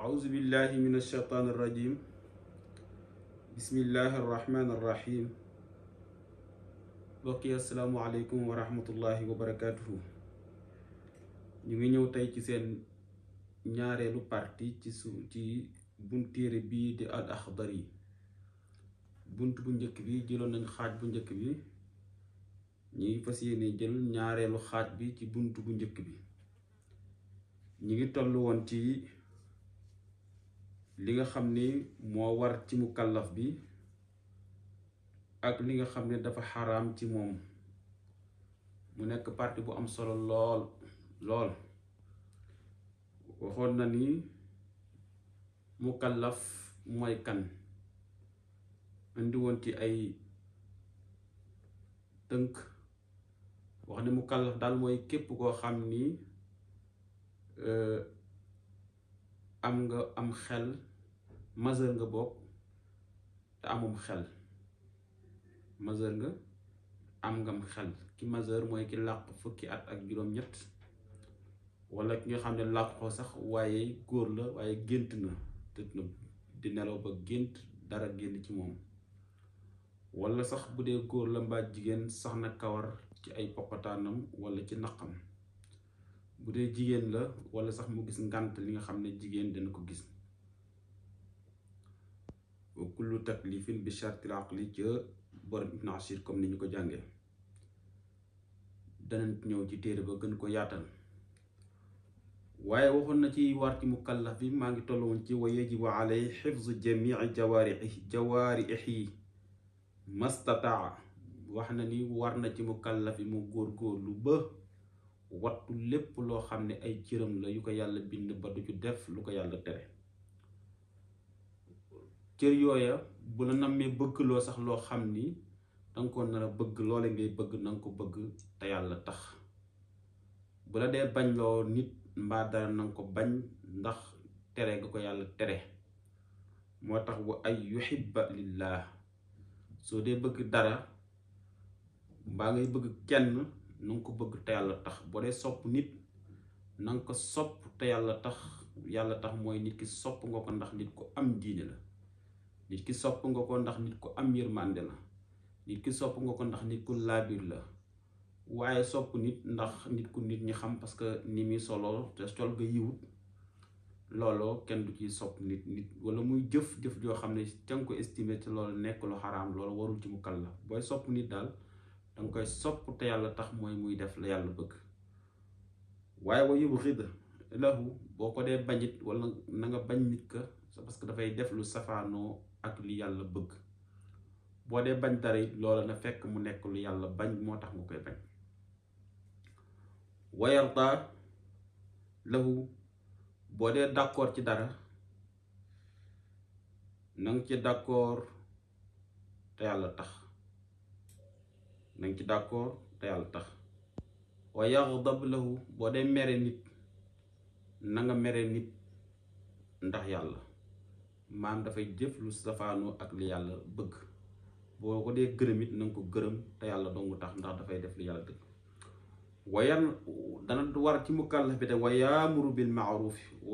أعوذ بالله من الشيطان الرجيم بسم الله الرحمن الرحيم bokki asalaamualeykum wa rahmatullahi wa ñu ngi ñëw tey ci seen ñaareelu partie ci su ci bunt téere bii di al axdari bunt bu njëkk bi jëloon nañ xaaj bu njëkk bi ñu ngi fas yéene jël ñaareelu xaaj bi ci bunt bu njëkk bi ñu ngi toll woon ci li nga xam ni moo war ci mu kàllaf bi ak li nga xam ne dafa xaram ci moom mu nekk parti bu am solo lool lool waxoon na ni mu kallaf mooy kan indi ci ay tënk wax ne mu kàllaf daal mooy képp koo xam ni euh, am nga am xel majeur nga bokk te amum xel majeur nga am ngam xel ki majeur mooy ki làq fukki at ak juróom-ñett wala ki nga xam ne làq ko sax waaye góor la waaye gént na tëj na di nelaw ba gént dara génn ci moom walla sax bu dee góor la mbaat jigéen sax na kawar ci ay poqotaanam wala ci naqam bu dee jigéen la wala sax mu gis ngànt li nga xam ne jigéen dana ko gis kullu taklifin bi chartil aqli ca borom ibn comme ni ñu ko jàngee danañ ñëw ci téere ba gën ko yaatal waaye waxoon na ci war ci mukallaf bi maa ngi toll woon ci wa yajibu alay xifzu jamii jawaarixi jawaarixi mastataa wax na ni war na ci mukallaf bi mu góor góorgóorlu ba wattu lépp loo xam ne ay cëram la yu ko yàlla bind ba du ci def lu ko yàlla tere cër yooya bu la nammee bëgg loo sax loo xam ni danga ko nar bëgg loole ngay bëgg nanga ko bëgg te yàlla tax bu la dee bañ loo nit mbaa dara nanga ko bañ ndax tere nga ko yàlla tere moo tax wa ay yuhibba lillah soo dee bëgg dara mbaa ngay bëgg kenn nanga ko bëgg te yàlla tax boo dee sopp nit nanga ko sopp te yàlla tax yàlla tax mooy nit ki sopp nga ko ndax nit ku am diine la nit ki sopp nga ko ndax nit ku am yërmande la nit ki sopp nga ko ndax nit ku laabir la waaye sopp nit ndax nit ku nit ñi xam parce que ni muy solo te col ga looloo kenn du ci sopp nit nit wala muy jëf jëf joo xam ne ca nga ko nekk lu xaraam loolu warul ci mu kal nit daal danga koy sopp te yàlla tax mooy muy def la yàlla bëgg waaye wa yub xid lahu boo ko dee bañit wala na nga bañ nit ka parce que dafay def lu safaanoo ak li yàlla bëgg boo dee bañ dara loola na fekk mu nekk lu yàlla bañ moo tax nga koy bañ wayarda lahu boo dee d'accord ci dara nanga ci d'accord te yàlla tax nanga ci d'accord te tax wa yaxdab lahu boo dee mere nit na nga mere nit ndax yàlla maam dafay jëf lu safaanoo ak li yàlla bëgg boo ko dee gërëm nanga ko gërëm te yàlla dongu tax ndax dafay def lu yàlla bëgg wayan dana war ci mukallaf bi te wa yaamuru bil maaruf bi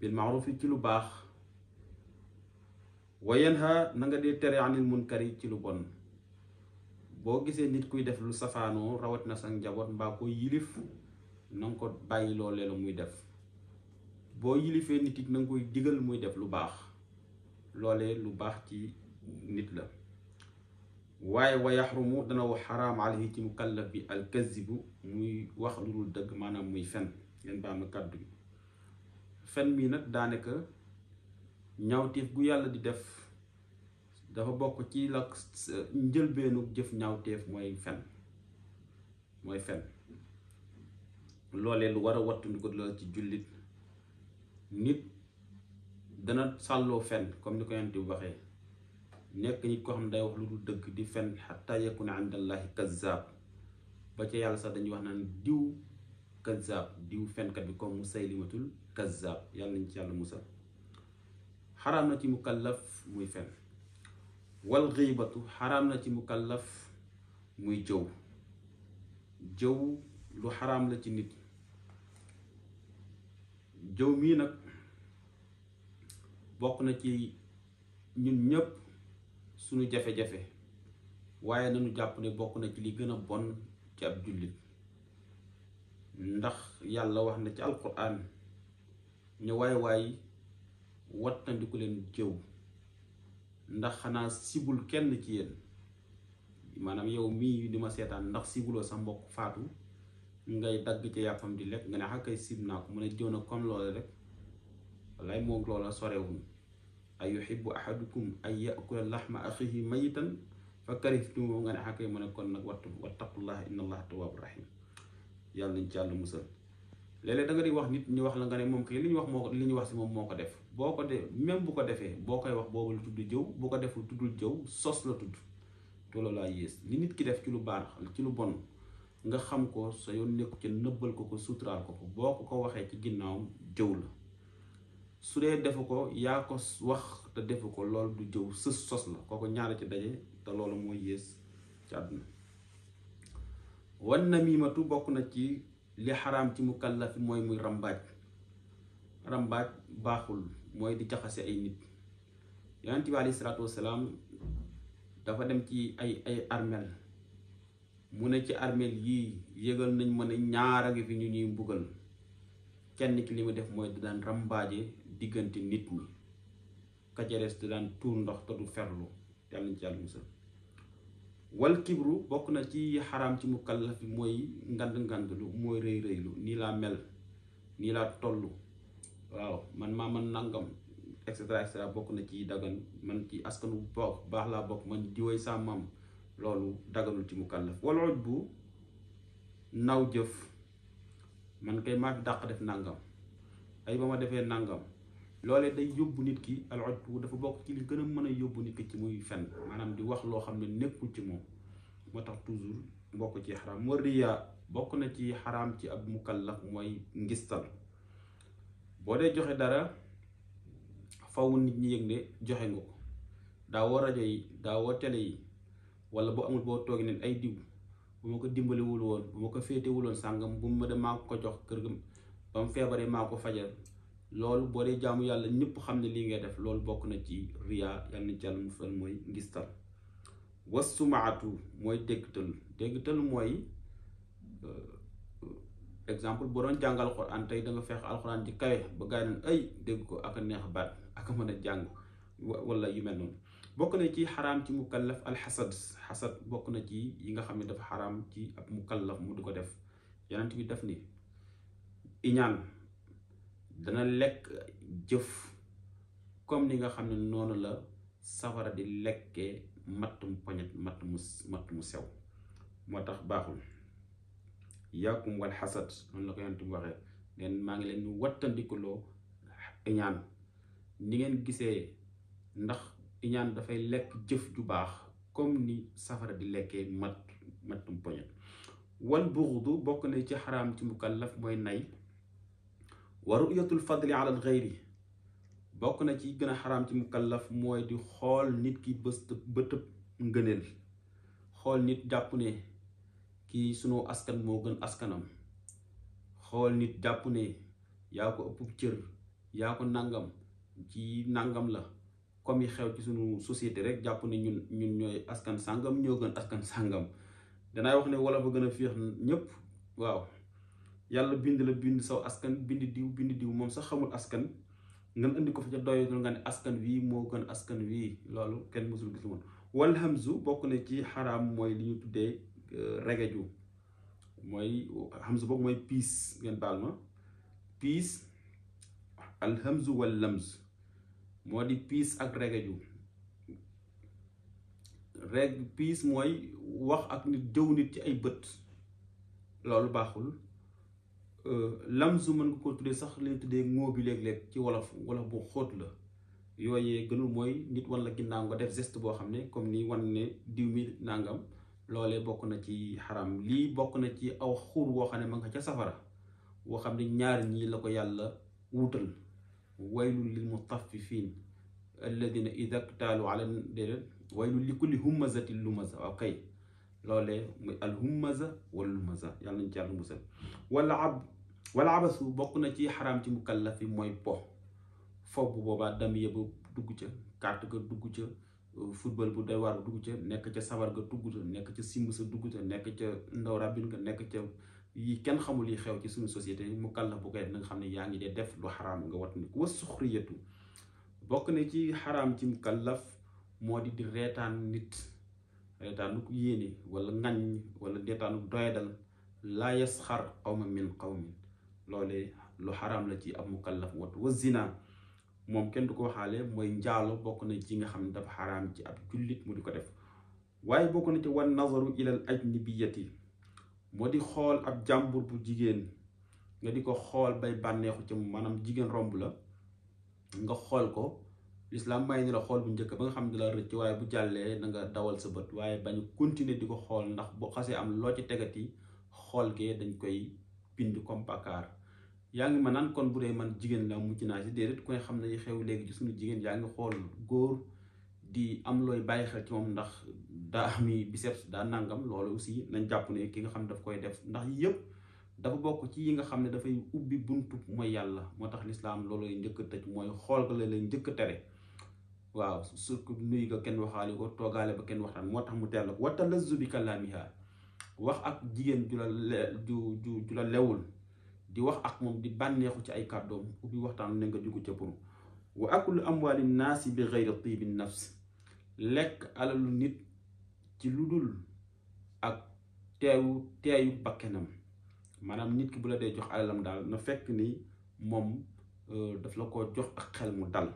bil yi ci lu baax wa yanha na nga dee tere anil munkar yi ci lu bon boo gisee nit kuy def lu safaanoo rawat na sa njaboot mbaa ko yilif na nga ko bàyyi loolee la muy def boo yilifee nit it na koy digal muy def lu baax loole lu baax ci nit la waaye wa yaxrumu dana wax xaraam alayhi ci mukallaf bi al kazibu muy wax lu dul dëgg maanaam muy fen ngeen baal ma kàddu gi fen mii nag daanaka ñaawteef gu yàlla di def dafa bokk ci la njëlbeenu jëf ñaawteef mooy fen mooy fen loolee lu war a wattandiku la ci jullit nit dana sàlloo fen comme ni ko yonent bi waxee nekk nit koo xam ne day wax lu dul dëgg di fen xataa yakuna indallahi kazzab ba ca yàlla sax dañuy wax naan diw kazzab diw fenkat bi comme musaylimatul kazzab yàlla nañ ci yàlla musal xaraam na ci mukallaf muy fen wal xiibatu xaraam na ci mu mukallaf muy jëw jëw lu xaraam la ci nit jëw mii nag bokk na ci ñun ñëpp suñu jafe-jafe waaye nañu jàpp ne bokk na ci li gën a bon ci ab jullit ndax yàlla wax na ci alquran ne waay waay wattandiku leen jëw ndax xanaa sibul kenn ci yéen maanaam yow mii di ma seetaan ndax sibuloo sa mbokk faatu ngay dagg ci yàppam di lekk nga ne xàkkay sib naa ko mu ne jëw na comme loolu rek wallaay moom loola sorewuñ ay yuhibbu ahadukum ay yakula laxma axihi mayitan fa karihtum nga ne xàkkay mu ne kon nag wattu wattaqullaha inna allaha tawaabu rahim yàlla nañ ci yàlla musal léeg-léeg da nga di wax nit ñu wax la nga ne moom kay li ñu wax moo li ñu wax si moom moo ko def boo ko de même bu ko defee boo koy wax boobu la tudd jëw bu ko deful tuddul jëw sos la tudd te loolu laa yées li nit ki def ci lu baax ci lu bon nga xam ko sa yoon nekku ca nëbbal ko ko suturaal ko ko boo ko ko waxee ci ginnaawam jëw la su dee defu ko yaa ko wax te defu ko loolu du jëw sës sos la kooko ñaara ci daje te loolu mooy yées ci àdduna wan namimatu bokk na ci li xaraam ci mu kàllafi mooy muy rambaaj rambaaj baaxul mooy di jaxase ay nit yonent bi aleyhi salaatu wasalaam dafa dem ci ay ay armeel mu ne ci armeel yii yëgal nañ ma ne ñaar a ngi fi ñu ñuy mbugal kenn ki li mu def mooy da daan rambaaje diggante nit mi kacarees da daan tuur ndox te ferlu yàlla nañ musal wal kibru bokk na ci xaram ci mukallaf bi mooy ngand ngand lu mooy rëy rëylu nii laa mel nii laa tollu waaw man maa man nangam et cetera bokk na ci dagan man ci askan bu baax laa bokk man di woy sa loolu dagalul ci mukallaf wala uj bu naw jëf man kay maa dàq def nàngam ay ba ma defee nàngam loole day yóbbu nit ki al uj bu dafa bokk ci li gën a mën a yóbbu nit ki ci muy fen maanaam di wax loo xam ne nekkul ci moom moo tax toujours mbokk ci xaraam moo riyaa bokk na ci xaraam ci ab mukallaf mooy ngistal boo dee joxe dara faw nit ñi yëg ne joxe nga ko daawoo rajo yi daawoo télé yi wala boo amul boo toogee ne ay diw bu ma ko dimbaliwul woon bu ma ko féetewul woon sàngam bu ma de maa ko jox kër ga ba mu feebaree maa ko fajal loolu boo dee jaamu yàlla ñëpp xam ne lii ngay def loolu bokk na ci riyaa yal na jàll mu fal mooy ngistal wasumaatu mooy déggtal déggtal mooy euh, exemple boo doon jàng alxuraan tey da feex alxuraan ci kawe ba gaa yi ay dégg ko ak a neex baat ak a mën a jàng wala yu mel noonu bokk na ci xaraam ci mukallaf alxasad xasad bokk na ci yi nga xam ne dafa xaram ci ab mukallaf mu du ko def yonent bi def ni iñaan dana lekk jëf comme ni nga xam ne noonu la safara di lekkee matt mu poñet matt mu sew moo tax baaxul yàkkum wal xasad noonu la ko yonent bi waxee neen maa ngi leen di wattandikuloo iñaan ni ngeen gisee ndax iñaan dafay lekk jëf ju baax comme ni safara di lekkee mat matum poñet wal buxdu bokk na ci xaraam ci mukallaf mooy nay wa ruyatul fadli bokk na ci gën a xaraam ci mooy di xool nit ki bëtëb ngëneel xool nit jàpp ne kii sunu askan moo gën askanam xool nit jàpp ne yaa ko ëpp cër yaa ko nangam ci nangam la comme yi xew ci suñu société rek jàpp ne ñun ñun ñooy askan sàngam ñoo gën askan sàngam danaay wax ne wala ba gën a féex ñëpp waaw yàlla bind la bind saw askan bind diw bind diw moom sax xamul askan nga indi ko fa ca doyatul nga ne askan wii moo gën askan wii loolu kenn mësul gis moom wal hamzu bokk ne ci xaraam mooy li ñu tuddee euh, regeju mooy hamzu bokk mooy piis ngeen baal ma piis al hamzu wal moo di piis ak regeju reg piis mooy wax ak nit jëw nit ci ay bët loolu baaxul euh, lamzu mën nga ko tuddee sax leen tuddee moo bi léeg-léeg ci wolof wolof bu xoot la yooyee gënul mooy nit wan la ginnaaw nga def geste boo xam ne comme ni wan ne diw mi nàngam loolee bokk na ci xaram lii bokk na ci aw xuur woo xam ne ma ca safara woo xam ne ñaar ñii la ko yàlla wuutal waylun lil mutaffifin alladina ida iktaalu ala déedéet waylun li kulli humazatin lumaza waaw kay loolee muy alhumaza wala yàlla nañ ci yàlla musal wala ab wala abasu bokk na ci xaraam ci mukallaf yi mooy po fob bu boobaa dam yëba dugg ca carte ga dugg ca football bu doy waar dugg ca nekk ca sabar ga dugg ca nekk ca simb sa dugg ca nekk ca ndaw rabin nga nekk ca yii kenn xamul yi xew ci suñu société mu kàllaf bu koy def na nga xam ne yaa ngi dee def lu xaraam nga wat ni wa suxriyatu bokk na ci xaram ci mu kàllaf moo di di nit reetaanu ko yéene wala ngañ wala reetaanu doyadal laa yasxar qawma min qawmin loolee lu la ci ab mukallaf wat wa zina moom kenn du ko waxaale mooy njaalo bokk na ci nga xam ne dafa xaraam ci ab jullit mu di ko def waaye bokk na ci wan nazaru ilal ajnibiyati moo di xool ak jàmbur bu jigéen nga di ko xool bay bànneexu ci maanaam jigéen romb la nga xool ko lislaam may ni la xool bu njëkk ba nga xam ne la rëcc waaye bu jàllee na nga dawal sa bët waaye bañ continuer di ko xool ndax boo xasee am loo ci tegati xool gee dañ koy bind comme yaa ngi ma naan kon bu dee man jigéen la mucc naa si déedéet ku ne xam ne xew léegi ci suñu jigéen yaa ngi xool góor di am looy bàyyi xel ci moom ndax daa ami biceps daa nangam loolu aussi nañ jàpp ne ki nga xam ne daf koy def ndax yëpp dafa bokk ci yi nga xam ne dafay ubbi buntu mooy yàlla moo tax lislaam loolu lay njëkk tëj mooy xool ko la njëkk a tere waaw surtout nuyu ko kenn waxaale ko toogaale ba kenn waxtaan moo tax mu teel ko wata lazu bi kalaamiha wax ak jigéen ju la ju ju ju la lewul di wax ak moom di bànneexu ci ay kàddoom ubbi waxtaan nañ ko jugu ca pour wa lu amwaali naasi bi xayri tiibi nafs lekk alalu nit ci lu dul ak teewu teeyu bakkenam maanaam nit ki bu la dee jox alalam daal na fekk ni moom euh, daf la ko jox ak xel mu dal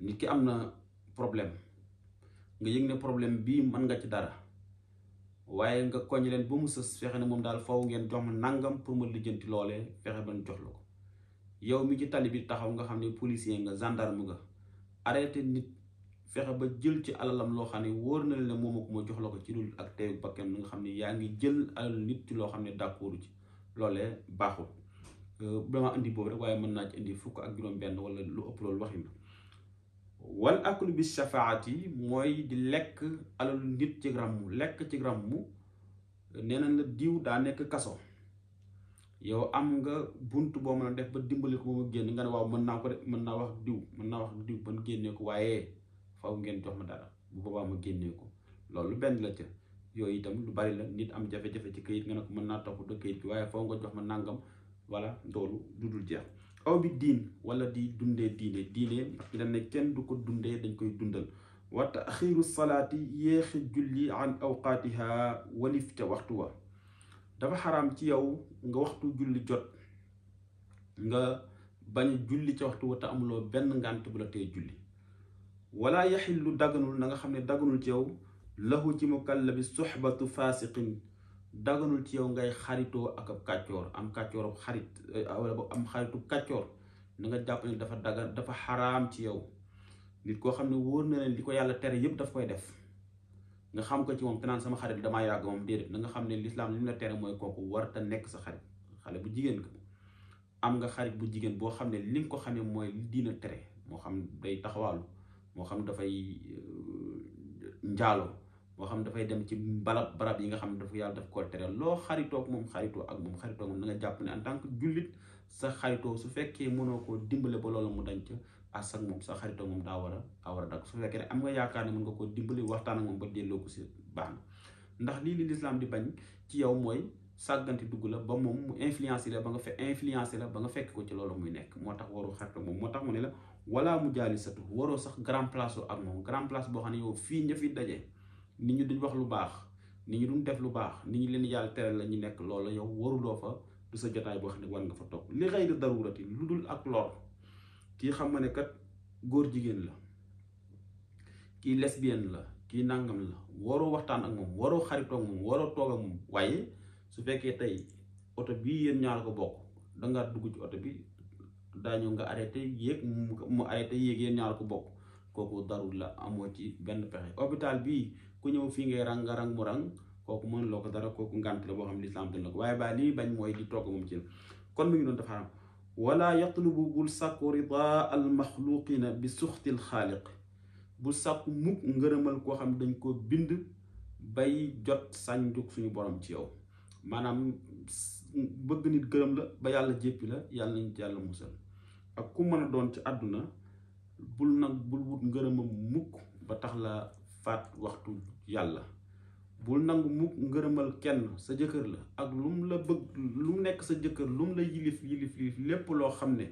nit ki am na problème nga yëg ne problème bii mën nga ci dara waaye nga koñ leen ba mu sës fexe ne moom daal faw ngeen jox ma nangam pour ma lijjanti loole fexe ban jox la ko yow mi ci tali bi taxaw nga xam ne policier nga gendarme nga arrêté nit fexe ba jël ci alalam loo xam ne wóor na la moom ko ma jox la ko ci dul ak teyu bakkan lu nga xam ne yaa ngi jël alal nit ci loo xam ne d'accord ci loole baaxul euh, dama indi boobu rek waaye mën naa ci indi fukk ak juróom wala lu ëpp loolu waxin la wal aklu bi shafaati mooy di lekk alalu nit ci ràmm lekk ci ràmm nee na la diw daa nekk yow am nga bunt boo mën def ba dimbali ko génn nga ne mën naa ko de mën naa wax diw mën naa wax diw ban génnee ko waaye faw ngeen jox ma dara bu boobaa ma génnee ko loolu benn la ca yooyu itam lu bari la nit am jafe-jafe ci këyit nga ne ko mën naa toppatoo këyit gi waaye faw nga jox ma nàngam voilà loolu du dul jeex aw bi diin wala di dundee diine diine ndax ñu ne kenn du ko dundee dañ koy dundal wa taxiru salaati yéexi julli an awqaatiha walif ca waxtu wa dafa xaram ci yow nga waxtu julli jot nga bañ julli ca waxtu wa te amuloo benn ngànt bu la tee wala yaxillu daganul na nga xam ne dagganul ci yow lahu ci mukallabi suxbatu faasiqin daganul ci yow ngay xaritoo ak ab kàccoor am kàccoor ab xarit eh, wala am xaritu kàccoor na nga jàpp ne dafa dagan dafa xaraam ci yow nit koo xam ne wóor na leen ko yàlla tere yépp daf koy def nga xam ko ci moom te naan sama xarit dama yàgg moom déedéet na nga xam ne lislaam li mu la tere mooy kooku war te nekk sa xarit xale bu jigéen ka am nga xarit bu jigéen boo xam ne li nga ko xamee mooy li tere moo xam day taxawaalu moo xam dafay euh, njaaloo moo xam dafay dem ci barab barab yi nga xam ne dafa yàlla daf ko tere loo xaritoog moom xaritoo ak moom xaritoo moom da nga jàpp ne en tant que jullit sa xaritoo su fekkee mënoo koo dimbale ba loolu mu dañ ca as ak moom sa xaritoo moom daa war a war a dakk su fekkee ne am nga yaakaar ne mën nga koo dimbale waxtaan ak moom ba delloo ko si baax na ndax lii li lislaam di bañ ci yow mooy sàggante dugg la ba moom mu influencé la ba nga fe influencé la ba nga fekk ko ci loolu muy nekk moo tax waru xaritoo moom moo tax mu ne la wala mu jaali satu waroo sax grand place u ak moom grand place boo xam ne yow fii ña fi daje nit ñu duñ wax lu baax nit ñu duñ def lu baax nit ñi leen yàlla tere la ñu nekk loolu yow waruloo fa du sa jotaay boo xam ne war nga fa toog li xëy na darurati lu dul ak lor kii xam nga ne kat góor jigéen la kii lesbienne la kii nangam la waroo waxtaan ak moom waroo xaritoo ak moom waroo waaye su fekkee tey oto bii yéen ñaar ko bokk danga dugg ci oto bi daañu nga arrêté yéeg mu arrêté yéeg yéen ñaar ko bokk kooku darul la amoo ci benn pexe hôpital bii ku ñëw fii ngay rang nga rang mu rang kooku mën loo ko dara kooku ngànt la boo xam ne lislaam dina la ko waaye baa lii bañ mooy di togg moom ci la kon mi ngi doon dafa xaram wala yatlubu bul sàkku ridaa al maxluqina bi suxtil xaaliq bul sàkku mukk ngërëmal koo xam dañ ko bind bay jot sànjuk suñu borom ci yow maanaam bëgg nit gërëm la ba yàlla jéppi la yàlla nañ ci yàlla musal ak ku mën a doon ci àdduna bul nag bul wut ngërëmam mukk ba tax la faat waxtu yàlla bul nangu mukk ngërëmal kenn sa jëkkër la ak lu mu la bëgg lu mu nekk sa jëkkër lu mu la yilif yilif yilif lépp loo xam ne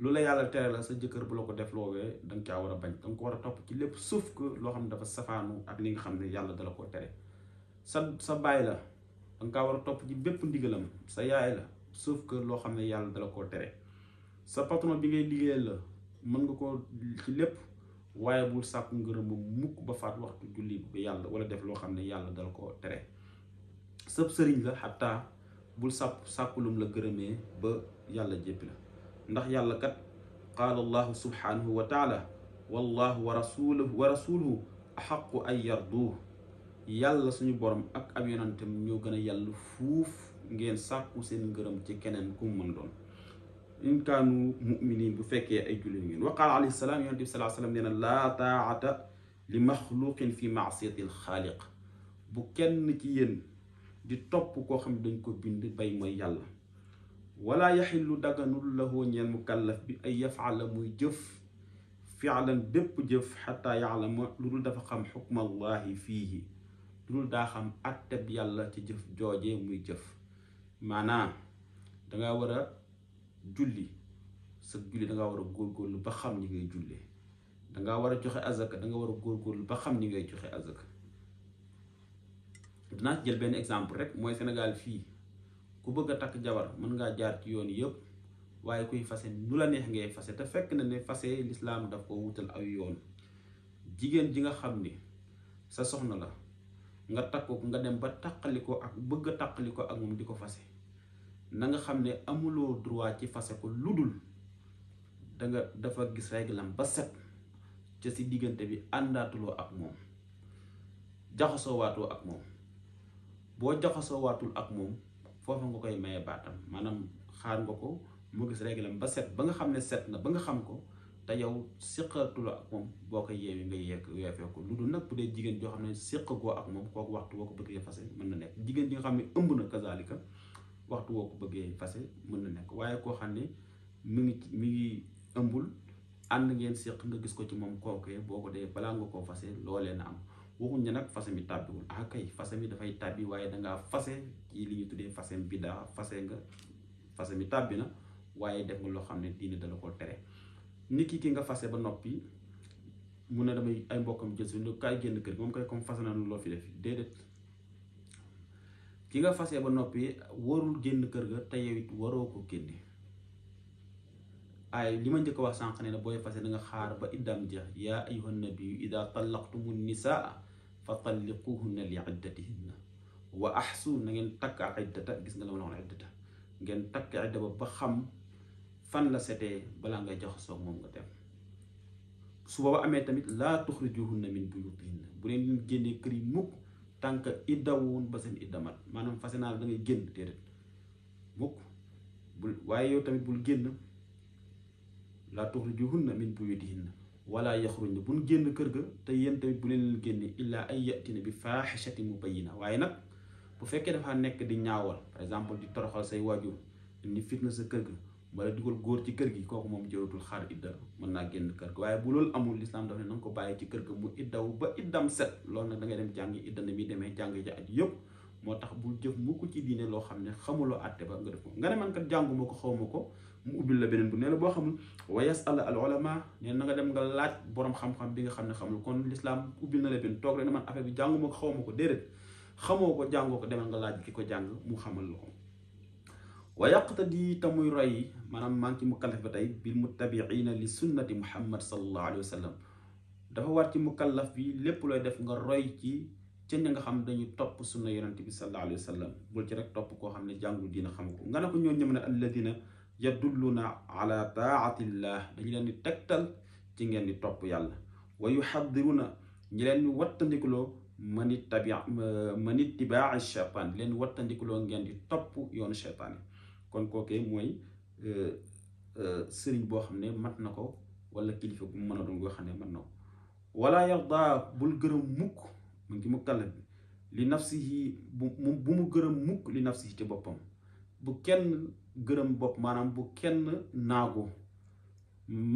lu la yàlla tere la sa jëkkër bu la ko def loowee da nga caa war a bañ da nga war a topp ci lépp suuf ko loo xam ne dafa safaanu ak li nga xam ne yàlla dala ko tere sa sa baay la da nga war a topp ci bépp ndigalam sa yaay la sauf que loo xam ne yàlla dala koo tere sa patron bi ngay liggéeyal la mën nga ko ci lépp waaye bul sàkku ngërëm mukk ba faat waxtu julli ba yàlla wala def loo xam ne yàlla dal ko tere sëp sëriñ la xataa bul sàpp sàkkulum la gërëmee ba yàlla jéppi la ndax yàlla kat qaala allahu subhanahu wa taala wallahu wa rasuluhu wa rasuluhu axaqu ay yarduuh yàlla suñu borom ak ab yonantam ñoo gën a yàlla fuuf ngeen sàkku seen ngërëm ci keneen ku mën doon in kaanu muminin bu fekkee ay jullit ngeen wa qaala alayhi salaam yonent bi salaa salaam nee na li maxluqin fi maasiyati alxaaliq bu kenn ci yéen di topp koo xam dañ ko bind bay mooy yàlla wala yaxillu daganul lahu ñeel mukallaf bi ay yafaala muy jëf fialan bépp jëf xataa yaalama lu dul dafa xam xukma allahi fiihi lu dul daa ci jëf jooje muy jëf maanaa danga war julli sa julli da ngaa war a góor góor lu ba xam ñi ngay jullee da ngaa war a joxe azaka da nga war a góor góor lu ba xam ni ngay joxe azaka dinaa jël benn exemple rek mooy Sénégal fii ku bëgg a takk jabar mën ngaa jaar ci yoon yëpp waaye kuy fase nu la neex ngay fase te fekk na ne fase lislaam daf ko wutal aw yoon jigéen ji nga xam ni sa soxna la nga takk ko nga dem ba taqali ko ak bëgg a taqali ko ak moom di ko fase na nga xam ne amuloo droit ci fase ko lu dul danga dafa gis réglam ba set ca si diggante bi àndaatuloo ak moom jaxasoo waatoo ak moom boo jaxasoo waatul ak moom foofa nga koy maye baatam maanaam xaar nga ko mu gis réglam ba set ba nga xam ne set na ba nga xam ko te yow siqatuloo ak moom boo ko yeewi nga yekk yeefee ko lu dul nag bu dee jigéen joo xam ne siqagoo ak moom kooku waxtu boo ko bëggee fase mën na nekk jigéen ji nga xam ne ëmb na kazaalika waxtu woo ko bëggee fase mën na nekk waaye koo xam ne mi ngi mi ngi ëmbul ànd ngeen séq nga gis ko ci moom kookee boo ko dee balaa nga koo fase loolee na am waxuñ ne nag fase mi tàbbiwul ah kay fase mi dafay tàbbi waaye dangaa fase ci li ñu tuddee fase bi daa fase nga fase mi tàbbi na waaye def nga loo xam ne diine dala ko tere nit ki ki nga fase ba noppi mun na damay ay mbokkam jël si ne kaay génn kër moom kay comme fase na loo fi def déedéet ki nga fase ba noppee warul génn kër ga te yow it waroo ko génne ay li ma njëkk wax sànq ne na booy fase na nga xaar ba iddam ja yaa ayyuhan nabiyyu ida tallaqtumu nisaa fa talliquhunna li iddatihinna na ngeen takk ak gis nga la takk ba xam fan la setee balaa ngay jox soog moom nga dem su booba amee tamit laa tuxrijuhunna min buyutihinna bu leen génnee kër yi mukk tant que iddawuun ba seen iddamat maanaam fase naa la da ngay génn déedéet mukk bul waaye yow tamit bul génn laa tuxrijuhunna min buyutihinna wala yaxrujna buñ génn kër ga te yéen tamit bu leen génne illaa ay yatina bi faaxishati mubayyina waaye nag bu fekkee dafa nekk di ñaawal par exemple di toroxal say waajur ni fitna sa kër ga wala dugal góor ci kër gi kooku moom jëratul xaar idda mën naa génn kër ga waaye ko bàyyi ci kër ga mu iddaw ba iddam da ngay dem jàngi idda na mi demee jàng ja aj yëpp moo tax bul jëf mukk ci diine loo xam ne xamuloo àtte ba nga ko nga ne man kat jànguma ko xawma ko mu ubbil la beneen bu nee la boo xamul wa yasala al ulama nee na nga dem nga laaj borom xam-xam bi nga xam ne xamul kon lislaam ubbi na la benn toog rek ne man affaire bi jànguma ko ma ko déedéet xamoo ko jàngoo ko demal nga laaj ki ko jàng mu xamal la ko wa yaqtadi tamuy roy maanaam maa ngi ci mukallaf ba tey bil muttabiina li sunnati muhammad sallallahu alayhi wa sallam dafa war ci mukallaf bi lépp looy def nga roy ci ca ña nga xam dañu topp sunna yonent bi sallallahu alayhi wa sallam bul ci rek topp koo xam ne jàngul diina xam ko nga ne ko ñoo ñëm ne alladina yadulluna ala taatillah dañu leen di tegtal ci ngeen di topp yàlla wa yuxadiruna ñi leen di wattandikuloo mani tabi mani tibaa cheytaan leen wattandikuloo ngeen di topp yoonu cheytaan kon kookee mooy Euh, euh, sëriñ boo xam ne mat na ko wala kilifa bu mu mën a doon goo xam ne mat na ko wala yarda bul gërëm mukk mu ngi mukallaf bi li nafsihi bu bu mu gërëm mukk li nafsihi ci boppam bu kenn gërëm bopp maanaam bu kenn naago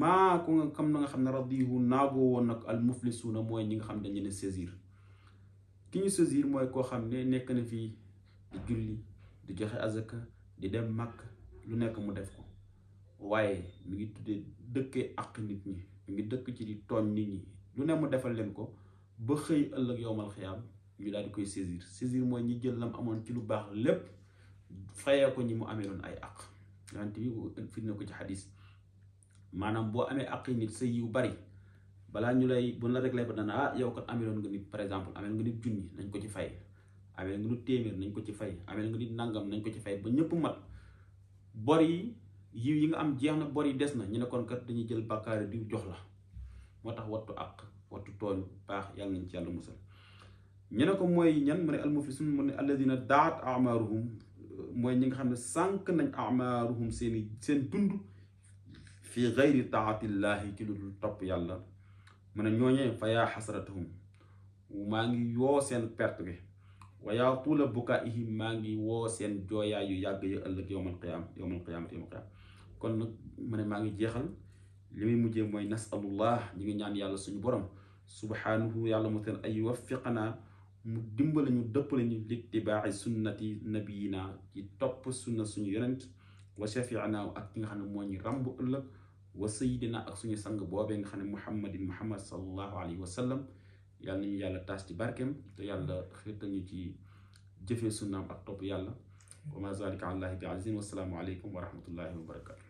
maa ko nga xam na nga xam ne radihu naago woon nag al muflisuuna mooy ñi nga xam dañu ne saisir ki ñu saisir mooy koo xam ne nekk na fii di julli di joxe azaka di dem màkk lu nekk mu def ko waaye mi ngi tuddee dëkkee ak nit ñi mi ngi dëkk ci di tooñ nit ñi lu ne mu defal leen ko ba xëy ëllëg yowmal xiyaam ñu daal di koy saisir saisir mooy ñi jël lam amoon ci lu baax lépp fayee ko ñi mu amee loon ay àq yonent bi firnde ko ci xadis maanaam boo amee àq nit sa yu bari balaa ñu lay bu la réglé ba dana ah yow kat ameloon nga nit par exemple ameel nga nit junni nañ ko ci fay ameel nga nañ ko ci fay ameel nga nit nangam nañ ko ci fay ba ñëpp mat bor yi yiw yi nga am jeex na bor yi des na ñu ne kat dañuy jël bàkkaari diw jox la moo tax wattu àq wattu tooñ baax yàlla nañ ci yàlla musal ñu ne ko mooy ñan mu ne almuflisun mu ne alladina daat amaaruhum mooy ñi nga xam ne sànq nañ amaaruhum seeni seen dund fi gayri taatillahi ci lu topp yàlla mu ne ñooñee fa yaa maa ngi yoo seen perte bi wayaa tuula bukaa'ihim maa ngi woo seen jooyaay yu yàgg yu ëllëg yowmal qiyaam yowmal qiyaamati yowmal kon nag ma ne maa ngi jeexal li muy mujjee mooy nasalullah ñu ngi ñaan yàlla suñu borom subhaanahu yàlla mu teen ay yuwaffiqanaa mu dimbali ñu dëppale ñu littibaaci sunnati nabiyina ci topp sunna suñu yonent wa shafianaa ak ki nga xam ne moo ñu ràmb ëllëg wa sayidina ak suñu sang boobee nga xam ne muhammadin muhammad salallahu alayhi wa yàlla nañu yàlla taas ci barkeem te yàlla xirtal ñu ci jëfee sunnaam ak topp yàlla wa ma zalika alaahi bi aziz wa salaamu aleykum wa rahmatullahi wa barakatu